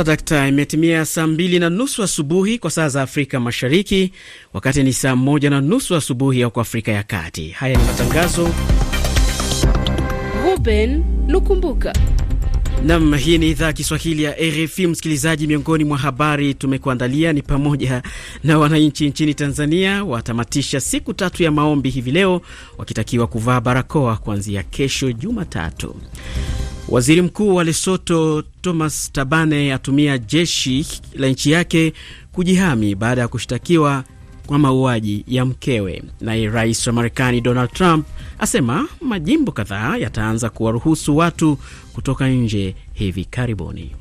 Sawa dakta, imetimia saa mbili na nusu asubuhi kwa saa za Afrika Mashariki, wakati ni saa moja na nusu asubuhi huko Afrika ya Kati. Haya ni matangazo. Ruben Lukumbuka nam. Hii ni idhaa ya Kiswahili ya RFI. Msikilizaji, miongoni mwa habari tumekuandalia ni pamoja na wananchi nchini Tanzania watamatisha siku tatu ya maombi hivi leo, wakitakiwa kuvaa barakoa kuanzia kesho Jumatatu. Waziri Mkuu wa Lesoto Thomas Tabane atumia jeshi la nchi yake kujihami baada ya kushtakiwa kwa mauaji ya mkewe. Naye rais wa Marekani Donald Trump asema majimbo kadhaa yataanza kuwaruhusu watu kutoka nje hivi karibuni.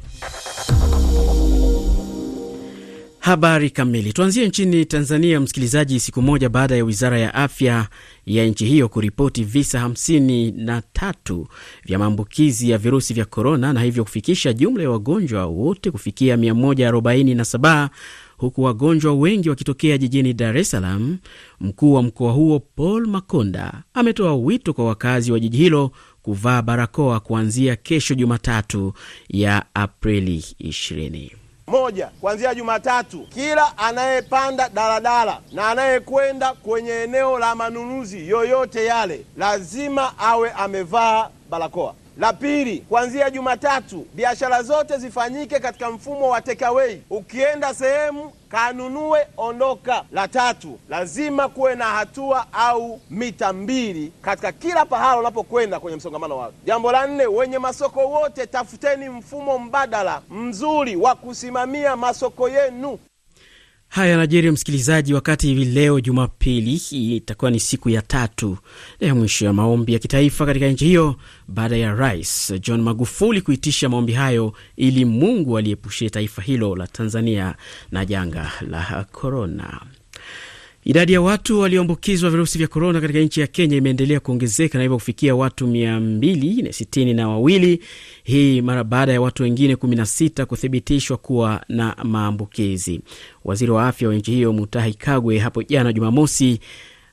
Habari kamili. Tuanzie nchini Tanzania, msikilizaji. Siku moja baada ya wizara ya afya ya nchi hiyo kuripoti visa 53 vya maambukizi ya virusi vya korona na hivyo kufikisha jumla ya wagonjwa wote kufikia 147 huku wagonjwa wengi wakitokea jijini Dar es Salaam. Mkuu wa mkoa huo Paul Makonda ametoa wito kwa wakazi wa jiji hilo kuvaa barakoa kuanzia kesho Jumatatu ya Aprili 20. Moja, kuanzia Jumatatu, kila anayepanda daladala na anayekwenda kwenye eneo la manunuzi yoyote yale lazima awe amevaa barakoa. La pili, kuanzia Jumatatu biashara zote zifanyike katika mfumo wa takeaway. Ukienda sehemu kanunue, ondoka. La tatu, lazima kuwe na hatua au mita mbili katika kila pahala unapokwenda kwenye msongamano wa watu. Jambo la nne, wenye masoko wote tafuteni mfumo mbadala mzuri wa kusimamia masoko yenu. Haya yanajiri msikilizaji, wakati hivi leo Jumapili itakuwa ni siku ya tatu ya mwisho ya maombi ya kitaifa katika nchi hiyo baada ya Rais John Magufuli kuitisha maombi hayo ili Mungu aliepushie taifa hilo la Tanzania na janga la korona. Idadi ya watu walioambukizwa virusi vya korona katika nchi ya Kenya imeendelea kuongezeka na hivyo kufikia watu mia mbili na sitini na wawili hii mara baada ya watu wengine 16 kuthibitishwa kuwa na maambukizi. Waziri wa afya wa nchi hiyo Mutahi Kagwe hapo jana Jumamosi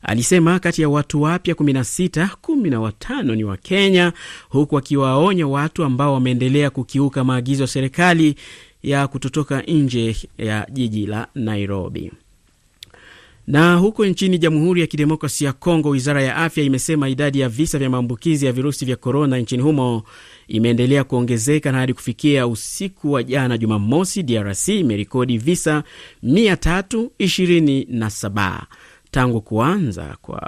alisema kati ya watu wapya 16, 15 ni wa kenya huku akiwaonya watu ambao wameendelea kukiuka maagizo ya serikali ya kutotoka nje ya jiji la Nairobi. Na huko nchini Jamhuri ya Kidemokrasi ya Kongo, wizara ya afya imesema idadi ya visa vya maambukizi ya virusi vya korona nchini humo imeendelea kuongezeka na hadi kufikia usiku wa jana Jumamosi, DRC imerekodi visa 327 tangu kuanza kwa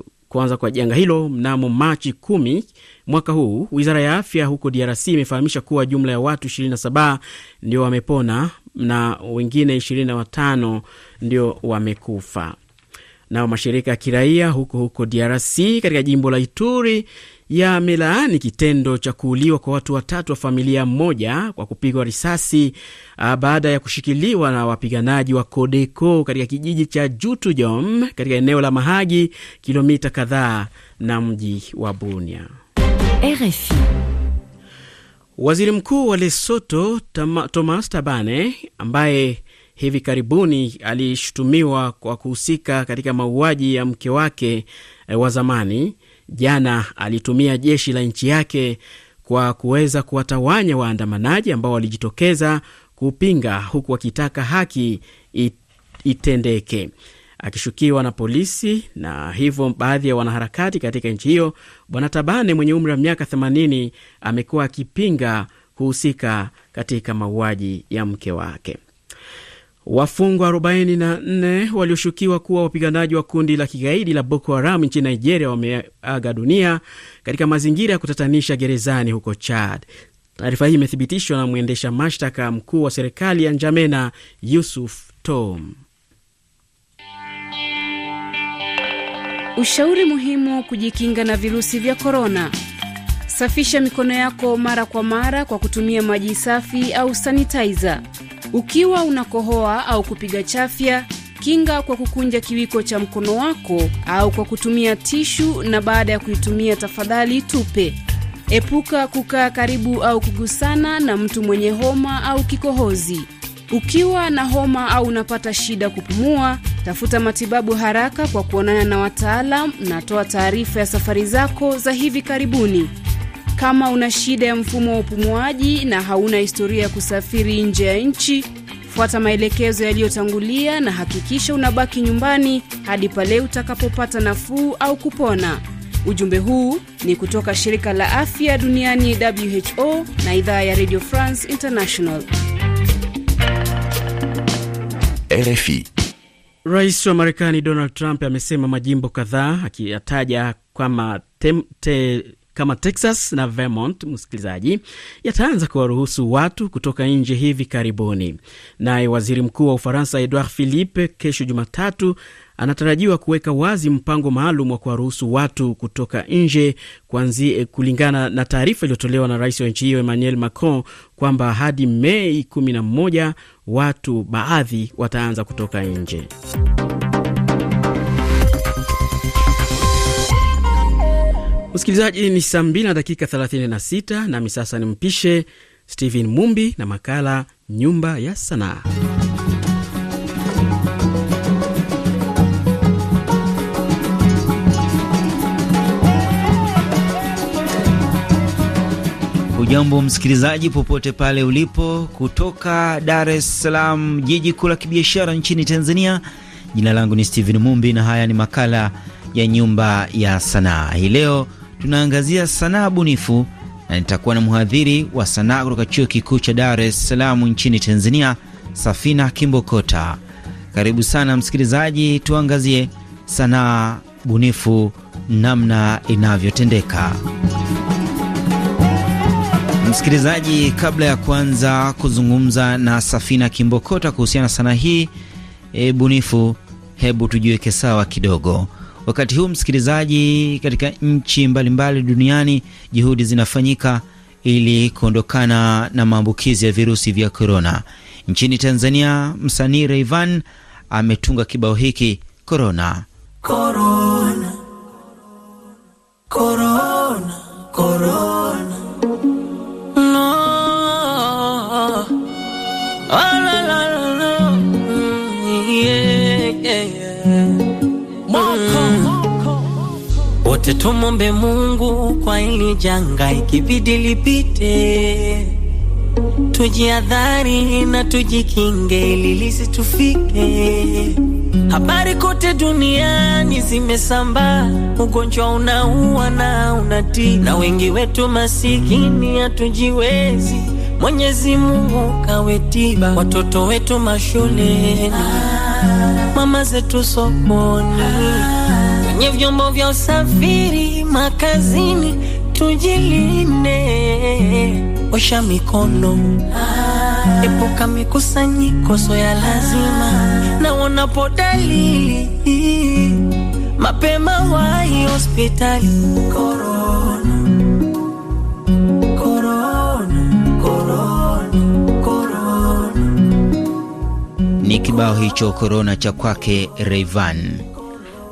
uh, kuanza kwa janga hilo mnamo Machi 10 mwaka huu. Wizara ya afya huko DRC imefahamisha kuwa jumla ya watu 27 ndio wamepona na wengine 25 ndio wamekufa. Nao mashirika ya kiraia huko huko DRC katika jimbo la Ituri yamelaani kitendo cha kuuliwa kwa watu watatu wa familia moja kwa kupigwa risasi uh, baada ya kushikiliwa na wapiganaji wa Kodeko katika kijiji cha Jutujom katika eneo la Mahagi, kilomita kadhaa na mji wa Bunia. RFI. Waziri Mkuu wa Lesoto Thomas Tabane ambaye hivi karibuni alishutumiwa kwa kuhusika katika mauaji ya mke wake eh, wa zamani jana alitumia jeshi la nchi yake kwa kuweza kuwatawanya waandamanaji ambao walijitokeza kupinga huku wakitaka haki itendeke akishukiwa na polisi na hivyo baadhi ya wanaharakati katika nchi hiyo. Bwana Tabane mwenye umri wa miaka 80 amekuwa akipinga kuhusika katika mauaji ya mke wake. Wafungwa 44 walioshukiwa kuwa wapiganaji wa kundi la kigaidi la Boko Haram nchini Nigeria wameaga dunia katika mazingira ya kutatanisha gerezani huko Chad. Taarifa hii imethibitishwa na mwendesha mashtaka mkuu wa serikali ya Njamena, Yusuf Tom. Ushauri muhimu kujikinga na virusi vya korona: safisha mikono yako mara kwa mara kwa kutumia maji safi au sanitizer. Ukiwa unakohoa au kupiga chafya, kinga kwa kukunja kiwiko cha mkono wako au kwa kutumia tishu, na baada ya kuitumia tafadhali tupe. Epuka kukaa karibu au kugusana na mtu mwenye homa au kikohozi. Ukiwa na homa au unapata shida kupumua, tafuta matibabu haraka kwa kuonana na wataalam na toa taarifa ya safari zako za hivi karibuni. Kama una shida ya mfumo wa upumuaji na hauna historia ya kusafiri nje ya nchi, fuata maelekezo yaliyotangulia na hakikisha unabaki nyumbani hadi pale utakapopata nafuu au kupona. Ujumbe huu ni kutoka shirika la afya duniani WHO na idhaa ya Radio France International. RFI. Rais wa Marekani Donald Trump amesema majimbo kadhaa akiyataja kama tem, te, kama Texas na Vermont, msikilizaji, yataanza kuwaruhusu watu kutoka nje hivi karibuni. Naye waziri mkuu wa Ufaransa Edouard Philippe kesho Jumatatu anatarajiwa kuweka wazi mpango maalum wa kuwaruhusu watu kutoka nje eh, kulingana na taarifa iliyotolewa na rais wa nchi hiyo Emmanuel Macron kwamba hadi Mei 11 watu baadhi wataanza kutoka nje. Msikilizaji, ni saa 2 na dakika 36, nami sasa ni mpishe Stephen Mumbi na makala Nyumba ya Sanaa. Ujambo msikilizaji, popote pale ulipo, kutoka Dar es Salaam, jiji kuu la kibiashara nchini Tanzania. Jina langu ni Stephen Mumbi na haya ni makala ya Nyumba ya Sanaa. Hii leo tunaangazia sanaa bunifu na nitakuwa na mhadhiri wa sanaa kutoka chuo kikuu cha Dar es Salaam nchini Tanzania, Safina Kimbokota. Karibu sana msikilizaji, tuangazie sanaa bunifu namna inavyotendeka. Msikilizaji, kabla ya kuanza kuzungumza na Safina Kimbokota kuhusiana na sanaa hii e, bunifu, hebu tujiweke sawa kidogo. Wakati huu msikilizaji, katika nchi mbalimbali duniani juhudi zinafanyika ili kuondokana na maambukizi ya virusi vya korona. Nchini Tanzania, msanii Rayvan ametunga kibao hiki korona korona korona korona no. Wote tumombe Mungu kwa ili janga ikibidi lipite, tujiadhari na tujikinge ili lisitufike. Habari kote duniani zimesambaa, ugonjwa unaua na unati na wengi wetu masikini hatujiwezi. Mwenyezi Mungu kawe tiba, watoto wetu mashuleni, mama zetu sokoni kwenye vyombo vya usafiri, makazini, tujiline, osha mikono ah, epuka mikusanyiko sio ya lazima, na wanapo dalili mapema wahi hospitali. Corona, corona, corona, corona. Ni kibao hicho korona cha kwake Rayvanny.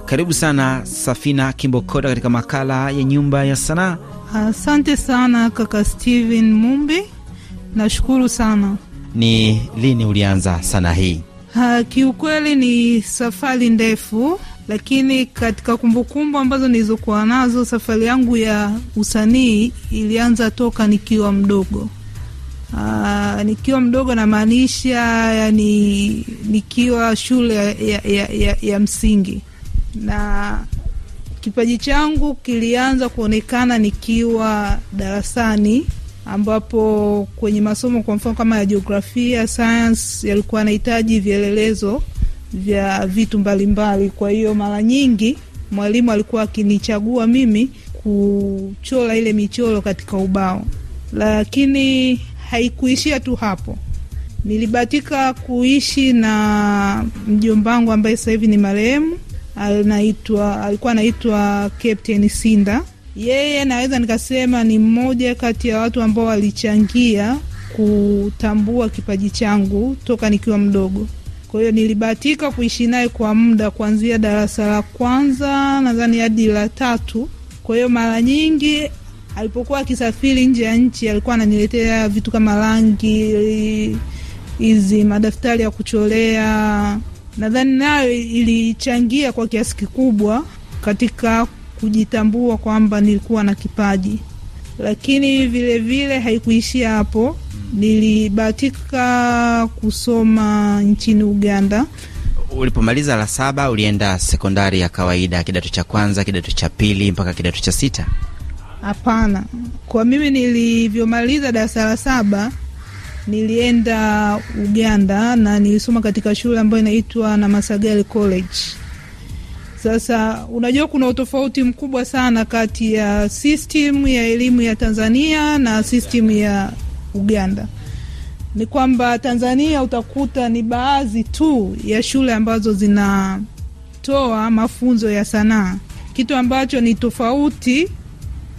Karibu sana Safina Kimbokoda katika makala ya Nyumba ya Sanaa. Asante sana kaka Steven Mumbi, nashukuru sana. Ni lini ulianza sanaa hii? Ha, kiukweli ni safari ndefu, lakini katika kumbukumbu ambazo nilizokuwa nazo, safari yangu ya usanii ilianza toka nikiwa mdogo. nikiwa mdogo namaanisha yani nikiwa shule ya, ya, ya, ya msingi na kipaji changu kilianza kuonekana nikiwa darasani ambapo kwenye masomo kwa mfano kama ya jiografia, sayansi yalikuwa anahitaji vielelezo vya vitu mbalimbali Kwa hiyo mara nyingi mwalimu alikuwa akinichagua mimi kuchola ile michoro katika ubao, lakini haikuishia tu hapo. nilibatika kuishi na mjomba wangu ambaye sasa hivi ni marehemu anaitwa alikuwa anaitwa Captain Sinda. Yeye naweza nikasema ni mmoja kati ya watu ambao walichangia kutambua kipaji changu toka nikiwa mdogo. Kwa hiyo nilibahatika kuishi naye kwa muda kuanzia darasa la kwanza nadhani hadi la tatu. Kwa hiyo mara nyingi alipokuwa akisafiri nje ya nchi alikuwa ananiletea vitu kama rangi hizi, madaftari ya kuchorea nadhani nayo ilichangia kwa kiasi kikubwa katika kujitambua kwamba nilikuwa na kipaji, lakini vilevile vile haikuishia hapo. Nilibahatika kusoma nchini Uganda. Ulipomaliza la saba, ulienda sekondari ya kawaida, kidato cha kwanza, kidato cha pili mpaka kidato cha sita? Hapana, kwa mimi nilivyomaliza darasa la saba nilienda Uganda na nilisoma katika shule ambayo inaitwa Namasagali College. Sasa unajua kuna utofauti mkubwa sana kati ya system ya elimu ya Tanzania na system ya Uganda. Ni kwamba Tanzania utakuta ni baadhi tu ya shule ambazo zinatoa mafunzo ya sanaa, kitu ambacho ni tofauti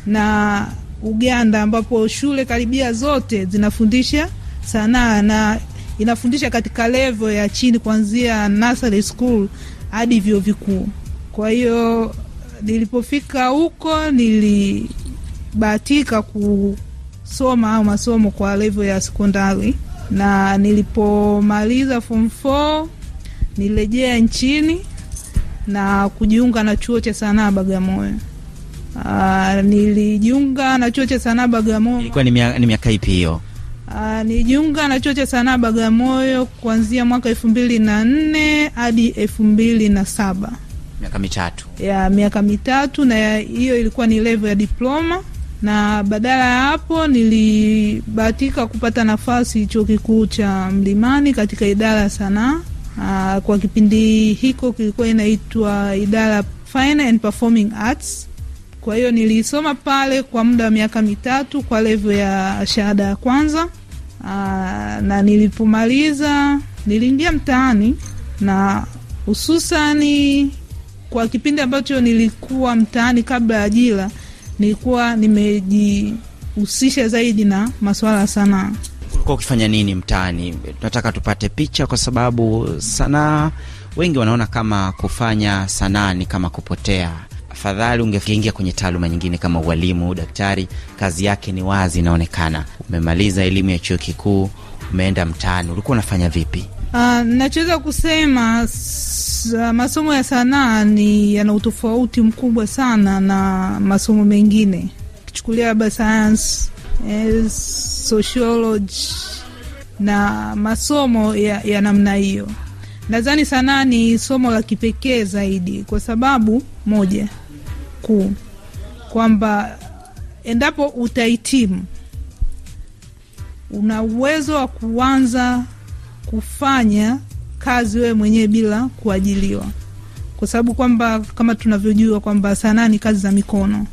na Uganda ambapo shule karibia zote zinafundisha sanaa na inafundisha katika levo ya chini kuanzia nursery school hadi vyuo vikuu. Kwa hiyo nilipofika huko nilibahatika kusoma au masomo kwa levo ya sekondari, na nilipomaliza form 4 nilirejea nchini na kujiunga na chuo cha sanaa Bagamoyo. Ah, nilijiunga na chuo cha sanaa Bagamoyo. Ilikuwa ni miaka ipi hiyo? Ah, nijiunga na chuo cha sanaa Bagamoyo kuanzia mwaka elfu mbili na nne hadi elfu mbili na saba miaka mitatu ya miaka mitatu, na hiyo ilikuwa ni level ya diploma, na badala ya hapo nilibahatika kupata nafasi chuo kikuu cha Mlimani katika idara ya sanaa. Uh, kwa kipindi hiko kilikuwa inaitwa idara Fine and Performing Arts. Kwa hiyo nilisoma pale kwa muda wa miaka mitatu kwa level ya shahada ya kwanza Aa, ah, na nilipomaliza niliingia mtaani na hususani kwa kipindi ambacho nilikuwa mtaani kabla ya ajira, nilikuwa nimejihusisha zaidi na masuala ya sanaa. Ulikuwa ukifanya nini mtaani? Tunataka tupate picha, kwa sababu sanaa wengi wanaona kama kufanya sanaa ni kama kupotea. Afadhali ungeingia kwenye taaluma nyingine kama ualimu, daktari. Kazi yake ni wazi, inaonekana. Umemaliza elimu ya chuo kikuu, umeenda mtaani, ulikuwa unafanya vipi? Uh, nachoweza kusema masomo ya sanaa ni yana utofauti mkubwa sana na masomo mengine, kichukulia labda sayansi, eh, sociology na masomo ya, ya namna hiyo. Nadhani sanaa ni somo la kipekee zaidi kwa sababu moja kuu kwamba endapo utahitimu una uwezo wa kuanza kufanya kazi wewe mwenyewe bila kuajiliwa, kwa sababu kwamba kama tunavyojua kwamba sanaa ni kazi za mikono,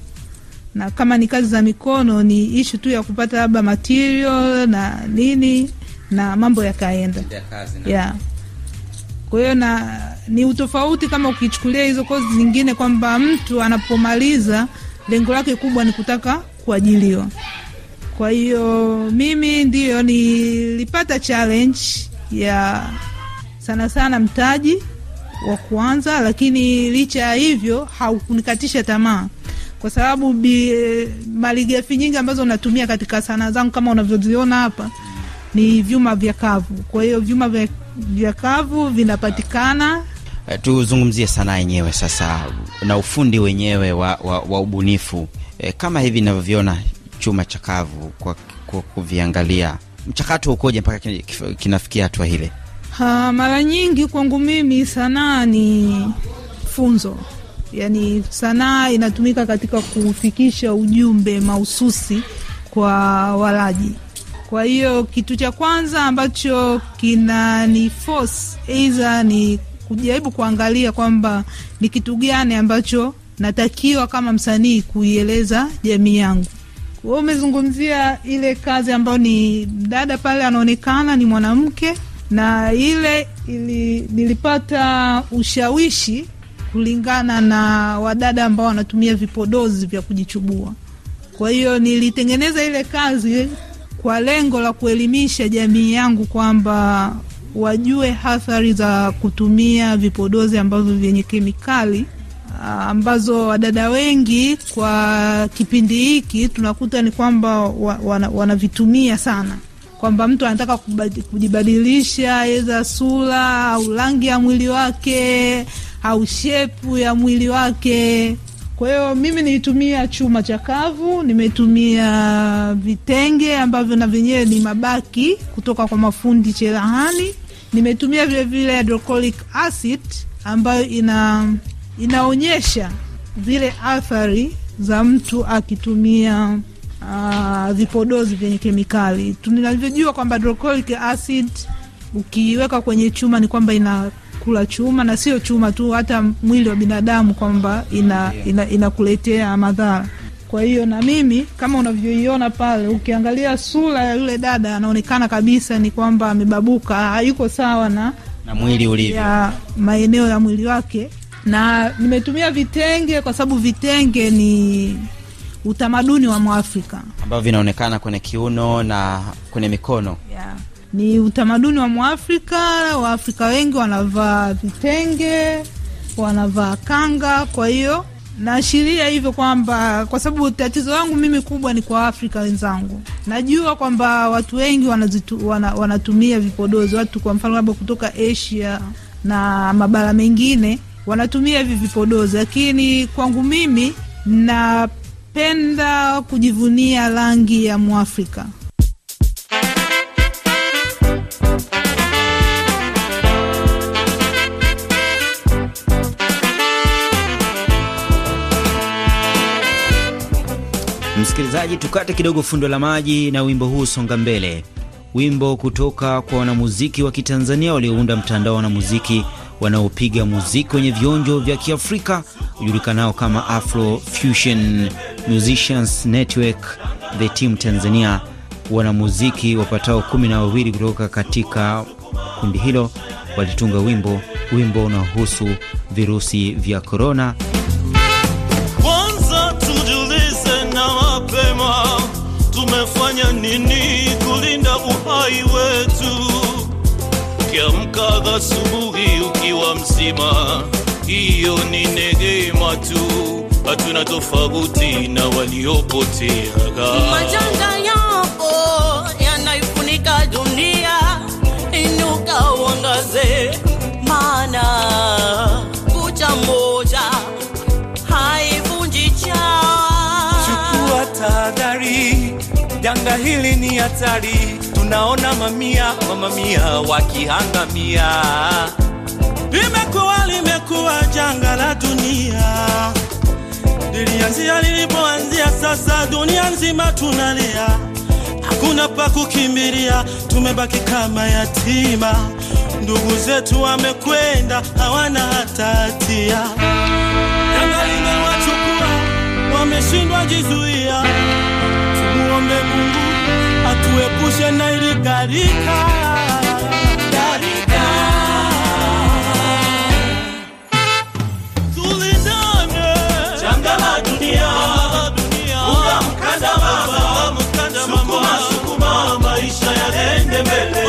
na kama ni kazi za mikono ni ishu tu ya kupata labda material na nini na mambo yakaenda ya. Kwa hiyo na ni utofauti kama ukichukulia hizo kozi zingine, kwamba mtu anapomaliza lengo lake kubwa ni kutaka kuajiliwa. Kwa hiyo mimi ndiyo nilipata challenge ya sana sana mtaji wa kuanza, lakini licha ya hivyo haukunikatisha tamaa, kwa sababu malighafi nyingi ambazo natumia katika sanaa zangu kama unavyoziona hapa ni vyuma vya kavu. Kwa hiyo vyuma vya kavu vinapatikana Eh, tuzungumzie sanaa yenyewe sasa na ufundi wenyewe wa, wa, wa ubunifu e, kama hivi inavyoviona chuma chakavu kwa, kwa kuviangalia, mchakato ukoje mpaka kinafikia hatua hile Ha, mara nyingi kwangu mimi sanaa ni funzo, yani sanaa inatumika katika kufikisha ujumbe mahususi kwa walaji. Kwa hiyo kitu cha kwanza ambacho ni force aidha ni kujaribu kuangalia kwamba ni kitu gani ambacho natakiwa kama msanii kuieleza jamii yangu. Wewe umezungumzia ile kazi ambayo ni dada pale anaonekana ni mwanamke, na ile ili, nilipata ushawishi kulingana na wadada ambao wanatumia vipodozi vya kujichubua. Kwa hiyo nilitengeneza ile kazi kwa lengo la kuelimisha jamii yangu kwamba wajue hathari za kutumia vipodozi ambavyo vyenye kemikali ah, ambazo wadada wengi kwa kipindi hiki tunakuta ni kwamba wanavitumia wana sana, kwamba mtu anataka kujibadilisha eza sura au rangi ya mwili wake au shepu ya mwili wake. Kwa hiyo mimi nilitumia chuma chakavu, nimetumia vitenge ambavyo na vyenyewe ni mabaki kutoka kwa mafundi cherehani Nimetumia vilevile hydrochloric acid ambayo ina inaonyesha zile athari za mtu akitumia uh, vipodozi vyenye kemikali. Tunavyojua kwamba hydrochloric acid ukiweka kwenye chuma ni kwamba inakula chuma, na sio chuma tu, hata mwili wa binadamu kwamba inakuletea ina, ina madhara. Kwa hiyo na mimi kama unavyoiona pale, ukiangalia sura ya yule dada anaonekana kabisa ni kwamba amebabuka, hayuko sawa na na mwili ulivyo, ya maeneo ya mwili wake, na nimetumia vitenge kwa sababu vitenge ni utamaduni wa Mwafrika ambavyo vinaonekana kwenye kiuno na kwenye mikono yeah. Ni utamaduni wa Mwafrika. Waafrika wengi wanavaa vitenge, wanavaa kanga, kwa hiyo naashiria hivyo kwamba kwa sababu tatizo langu mimi kubwa ni kwa afrika wenzangu. Najua kwamba watu wengi wanazitu, wana, wanatumia vipodozi watu, kwa mfano labda kutoka Asia na mabara mengine wanatumia hivi vipodozi, lakini kwangu mimi napenda kujivunia rangi ya Mwafrika. Msikilizaji, tukate kidogo fundo la maji na wimbo huu songa mbele, wimbo kutoka kwa wanamuziki wa Kitanzania waliounda mtandao wa wanamuziki wanaopiga muziki wenye vionjo vya Kiafrika ujulikanao kama Afro Fusion Musicians Network, the team Tanzania. Wanamuziki wapatao kumi na wawili kutoka katika kundi hilo walitunga wimbo, wimbo unaohusu virusi vya korona asubuhi ukiwa mzima, hiyo ni neema tu. Hatuna tofauti na waliopotea. Majanga yapo yanaifunika dunia, inuka uangaze, maana kucha moja haivunji cha. Chukua tahadhari, janga hili ni hatari unaona mamia kwa wakihangamia. Limekuwa limekuwa janga la dunia, lilianzia lilipoanzia, sasa dunia nzima tunalia, hakuna pa kukimbilia, tumebaki kama yatima. Ndugu zetu wamekwenda, hawana hata hatia, janga limewachukua, wameshindwa jizuia. Tumuombe Mungu tuepushe na ili gharika Sukuma sukuma, maisha yaende mbele.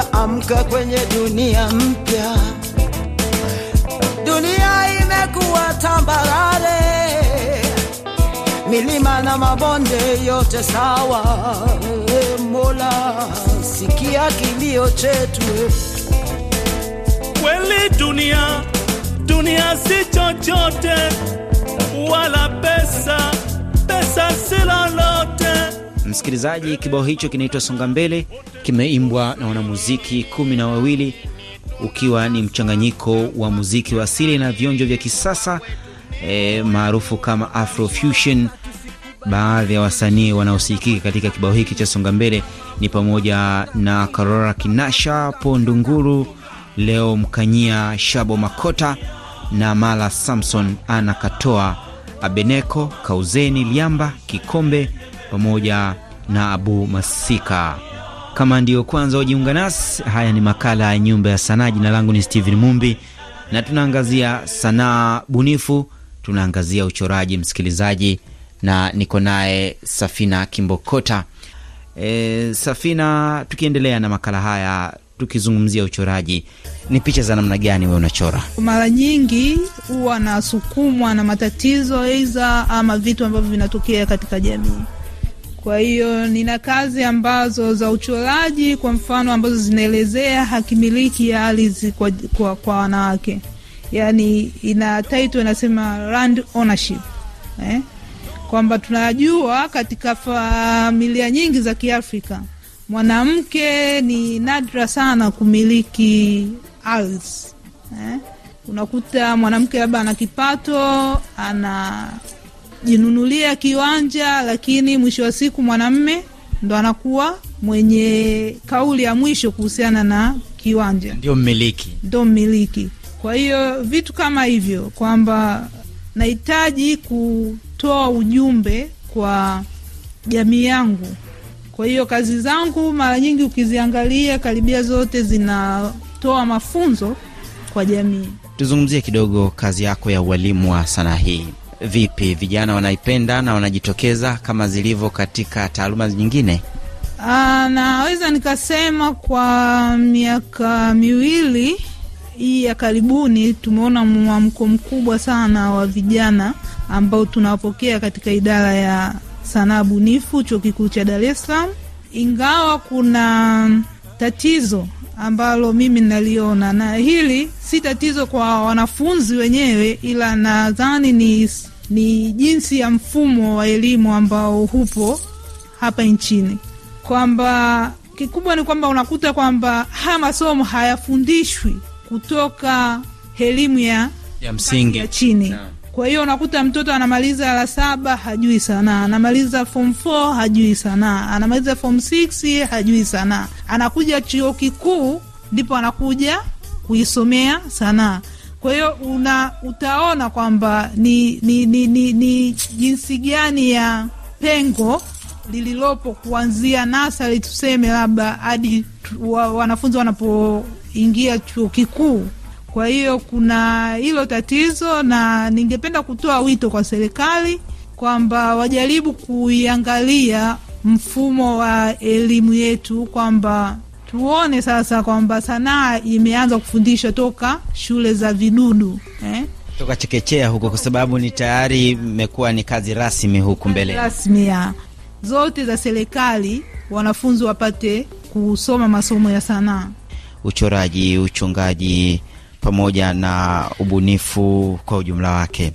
amka, amka kwenye dunia mpya. Dunia imekuwa tambarare, milima na mabonde yote sawa. e Mola, sikia kilio chetu. Kweli dunia, dunia si chochote, wala pesa, pesa si lolote Msikilizaji, kibao hicho kinaitwa Songa Mbele, kimeimbwa na wanamuziki kumi na wawili ukiwa ni mchanganyiko wa muziki wa asili na vionjo vya kisasa e, maarufu kama Afrofusion. Baadhi ya wasanii wanaosikika katika kibao hiki cha Songa Mbele ni pamoja na Karora Kinasha, pondunguru Leo Mkanyia, Shabo Makota na Mala Samson, Ana Katoa, Abeneko, Kauzeni Liamba, Kikombe pamoja na Abu Masika. Kama ndiyo kwanza wajiunga nasi, haya ni makala ya Nyumba ya Sanaa. Jina langu ni Steven Mumbi na tunaangazia sanaa bunifu, tunaangazia uchoraji, msikilizaji, na niko naye Safina Kimbokota. E, Safina, tukiendelea na makala haya tukizungumzia uchoraji, ni picha za namna gani wewe unachora? Mara nyingi huwa nasukumwa na matatizo aidha ama vitu ambavyo vinatokea katika jamii kwa hiyo nina kazi ambazo za uchoraji kwa mfano ambazo zinaelezea hakimiliki ya ardhi kwa, kwa, kwa wanawake, yaani ina title inasema land ownership eh? kwamba tunajua katika familia nyingi za Kiafrika mwanamke ni nadra sana kumiliki ardhi eh? Unakuta mwanamke labda ana kipato ana jinunulia kiwanja, lakini mwisho wa siku mwanamme ndo anakuwa mwenye kauli ya mwisho kuhusiana na kiwanja, ndio mmiliki, ndio mmiliki. Kwa hiyo vitu kama hivyo kwamba nahitaji kutoa ujumbe kwa jamii yangu. Kwa hiyo kazi zangu mara nyingi ukiziangalia, karibia zote zinatoa mafunzo kwa jamii. Tuzungumzie kidogo kazi yako ya ualimu wa sanaa hii vipi? Vijana wanaipenda na wanajitokeza kama zilivyo katika taaluma nyingine? Ah, naweza nikasema kwa miaka miwili hii ya karibuni tumeona mwamko mkubwa sana wa vijana ambao tunawapokea katika idara ya sanaa bunifu chuo kikuu cha Dar es Salaam, ingawa kuna tatizo ambalo mimi naliona, na hili si tatizo kwa wanafunzi wenyewe, ila nadhani ni ni jinsi ya mfumo wa elimu ambao hupo hapa nchini, kwamba kikubwa ni kwamba unakuta kwamba haya masomo hayafundishwi kutoka elimu ya ya msingi ya chini no. Kwa hiyo unakuta mtoto anamaliza la saba hajui sanaa, anamaliza form four hajui sanaa, anamaliza form six hajui sanaa, anakuja chuo kikuu ndipo anakuja kuisomea sanaa. Kwa hiyo una utaona kwamba ni, ni, ni, ni, ni jinsi gani ya pengo lililopo kuanzia nasari tuseme labda hadi wa, wanafunzi wanapoingia chuo kikuu. Kwa hiyo kuna hilo tatizo, na ningependa kutoa wito kwa serikali kwamba wajaribu kuiangalia mfumo wa elimu yetu kwamba tuone sasa kwamba sanaa imeanza kufundishwa toka shule za vidudu eh? toka chekechea huko, kwa sababu ni tayari imekuwa ni kazi rasmi huku mbele rasmi ya zote za serikali, wanafunzi wapate kusoma masomo ya sanaa, uchoraji, uchongaji pamoja na ubunifu kwa ujumla wake.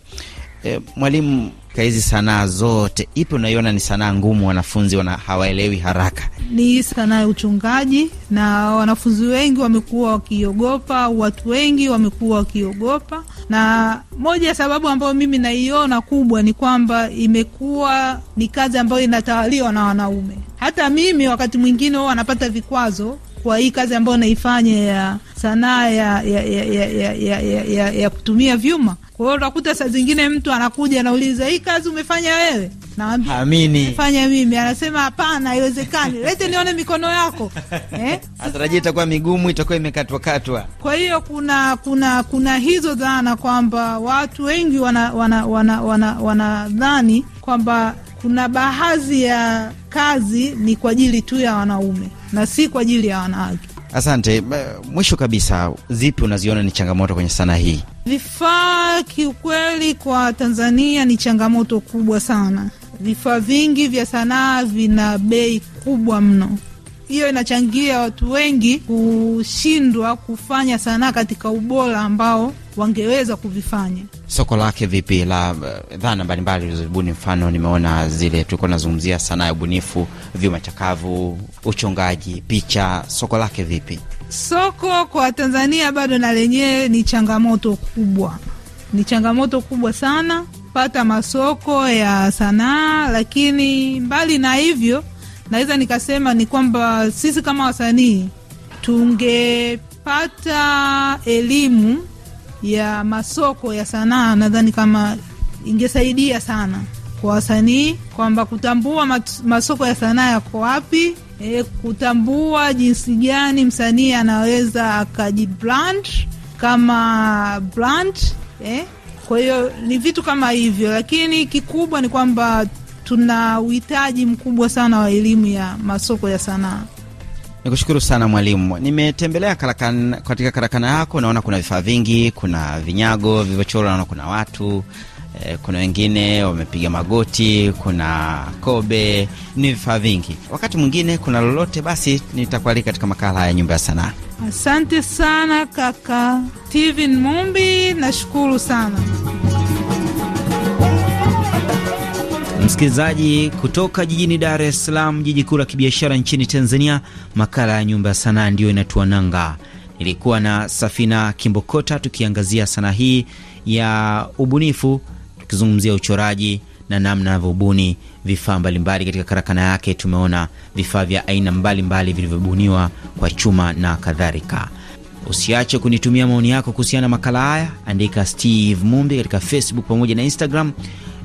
E, mwalimu katika hizi sanaa zote, ipi unaiona ni sanaa ngumu, wanafunzi wana hawaelewi haraka? Ni sanaa ya uchungaji, na wanafunzi wengi wamekuwa wakiogopa, watu wengi wamekuwa wakiogopa, na moja ya sababu ambayo mimi naiona kubwa ni kwamba imekuwa ni kazi ambayo inatawaliwa na wanaume. Hata mimi wakati mwingine huwa wanapata vikwazo kwa hii kazi ambayo naifanya ya sanaa ya, ya, ya, ya, ya, ya, ya, ya kutumia vyuma kwa hiyo utakuta saa zingine mtu anakuja anauliza, hii kazi umefanya wewe? Naambia amini, fanya mimi. Anasema hapana, haiwezekani, lete nione mikono yako eh? Atarajia itakuwa migumu, itakuwa imekatwakatwa. Kwa hiyo kuna kuna kuna hizo dhana kwamba watu wengi wanadhani wana, wana, wana, wana kwamba kuna baadhi ya kazi ni kwa ajili tu ya wanaume na si kwa ajili ya wanawake. Asante. Mwisho kabisa, zipi unaziona ni changamoto kwenye sanaa hii? Vifaa kiukweli, kwa Tanzania ni changamoto kubwa sana. Vifaa vingi vya sanaa vina bei kubwa mno. Hiyo inachangia watu wengi kushindwa kufanya sanaa katika ubora ambao wangeweza kuvifanya. Soko lake vipi la eh, dhana mbalimbali ulizobuni? Mfano, nimeona zile tulikuwa nazungumzia sanaa ya ubunifu, vyuma chakavu, uchongaji, picha, soko lake vipi? Soko kwa Tanzania bado na lenyewe ni changamoto kubwa, ni changamoto kubwa sana pata masoko ya sanaa, lakini mbali na hivyo, naweza nikasema ni kwamba sisi kama wasanii tungepata elimu ya masoko ya sanaa, nadhani kama ingesaidia sana kwa wasanii kwamba kutambua masoko ya sanaa yako wapi, e, kutambua jinsi gani msanii anaweza akajibrand kama brand eh. Kwa hiyo ni vitu kama hivyo, lakini kikubwa ni kwamba tuna uhitaji mkubwa sana wa elimu ya masoko ya sanaa. Nikushukuru sana mwalimu. Nimetembelea karakan, katika karakana yako naona kuna vifaa vingi, kuna vinyago vilivyochorwa, naona kuna watu eh, kuna wengine wamepiga magoti, kuna kobe, ni vifaa vingi. Wakati mwingine kuna lolote, basi nitakualika katika makala ya Nyumba ya Sanaa. Asante sana kaka Steven Mumbi, nashukuru sana. Msikilizaji kutoka jijini Dar es Salaam, jiji kuu la kibiashara nchini Tanzania. Makala ya Nyumba ya Sanaa ndiyo inatuananga. Nilikuwa na Safina Kimbokota tukiangazia sanaa hii ya ubunifu, tukizungumzia uchoraji na namna anavyobuni vifaa mbalimbali katika karakana yake. Tumeona vifaa vya aina mbalimbali vilivyobuniwa kwa chuma na kadhalika. Usiache kunitumia maoni yako kuhusiana na makala haya, andika Steve Mumbi katika Facebook pamoja na Instagram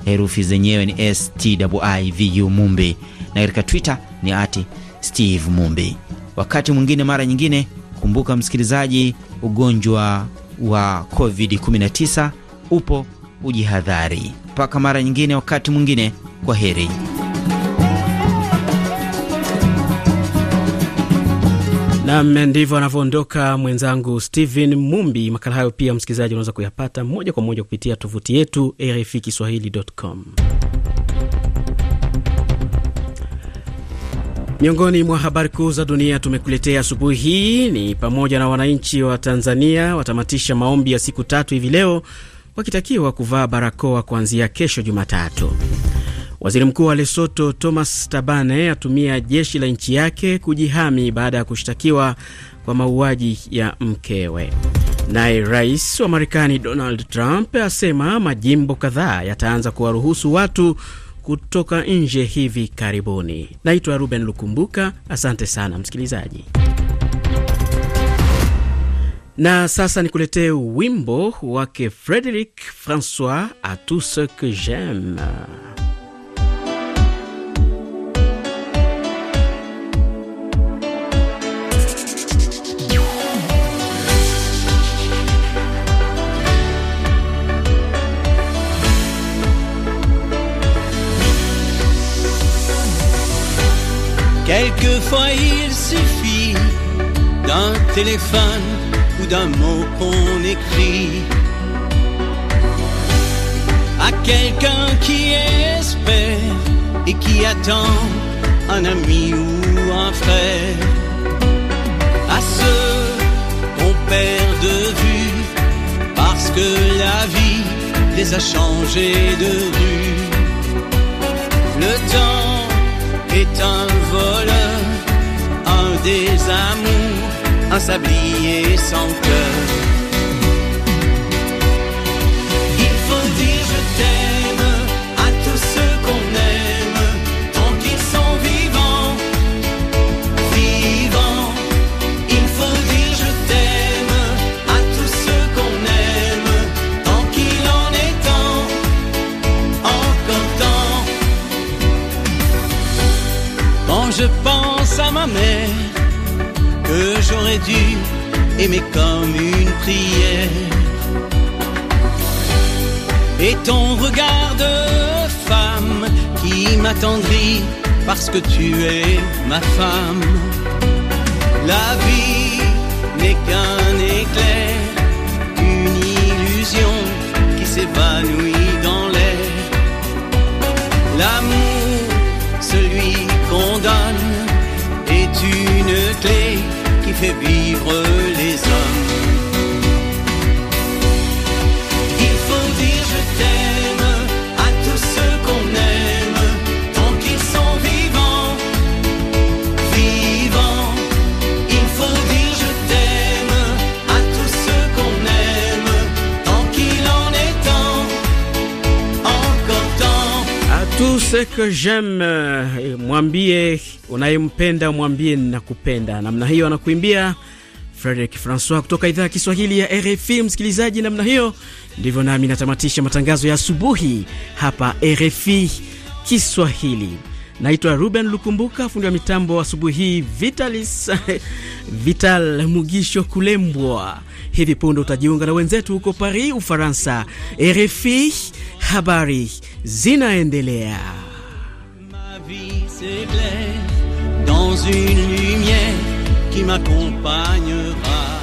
herufi zenyewe ni stwivu Mumbi, na katika Twitter ni ati Steve Mumbi. Wakati mwingine, mara nyingine, kumbuka msikilizaji, ugonjwa wa COVID-19 upo, ujihadhari. Mpaka mara nyingine, wakati mwingine, kwa heri. Nam, ndivyo anavyoondoka mwenzangu Stephen Mumbi. Makala hayo pia msikilizaji unaweza kuyapata moja kwa moja kupitia tovuti yetu RFI Kiswahili.com. Miongoni mwa habari kuu za dunia tumekuletea asubuhi hii ni pamoja na wananchi wa Tanzania watamatisha maombi ya siku tatu hivi leo wakitakiwa kuvaa barakoa kuanzia kesho Jumatatu. Waziri mkuu wa Lesoto Thomas Tabane atumia jeshi la nchi yake kujihami baada ya kushtakiwa kwa mauaji ya mkewe. Naye rais wa Marekani Donald Trump asema majimbo kadhaa yataanza kuwaruhusu watu kutoka nje hivi karibuni. Naitwa Ruben Lukumbuka, asante sana msikilizaji. Na sasa nikuletee wimbo wake Frederic Francois A tout ce que j'aime. fois il suffit d'un téléphone ou d'un mot qu'on écrit à quelqu'un qui espère et qui attend un ami ou un frère, à ceux qu'on perd de vue parce que la vie les a changés de rue. Le temps est un vol des amours, un sablier sans cœur. parce que tu es ma femme. La vie n'est qu'un éclair, une illusion qui s'évanouit dans l'air. L'amour, celui qu'on donne, est une clé qui fait vivre que j'aime, eh, mwambie unayempenda, mwambie nakupenda. Namna hiyo anakuimbia Frederick Francois kutoka idhaa ya Kiswahili ya RFI. Msikilizaji, namna hiyo ndivyo nami natamatisha matangazo ya asubuhi hapa RFI Kiswahili. Naitwa Ruben Lukumbuka, fundi wa mitambo asubuhi hii Vitalis Vital Mugisho Kulembwa. Hivi punde utajiunga na wenzetu huko Paris, Ufaransa. RFI, habari zinaendelea. vie dans une lumière qui m'accompagnera.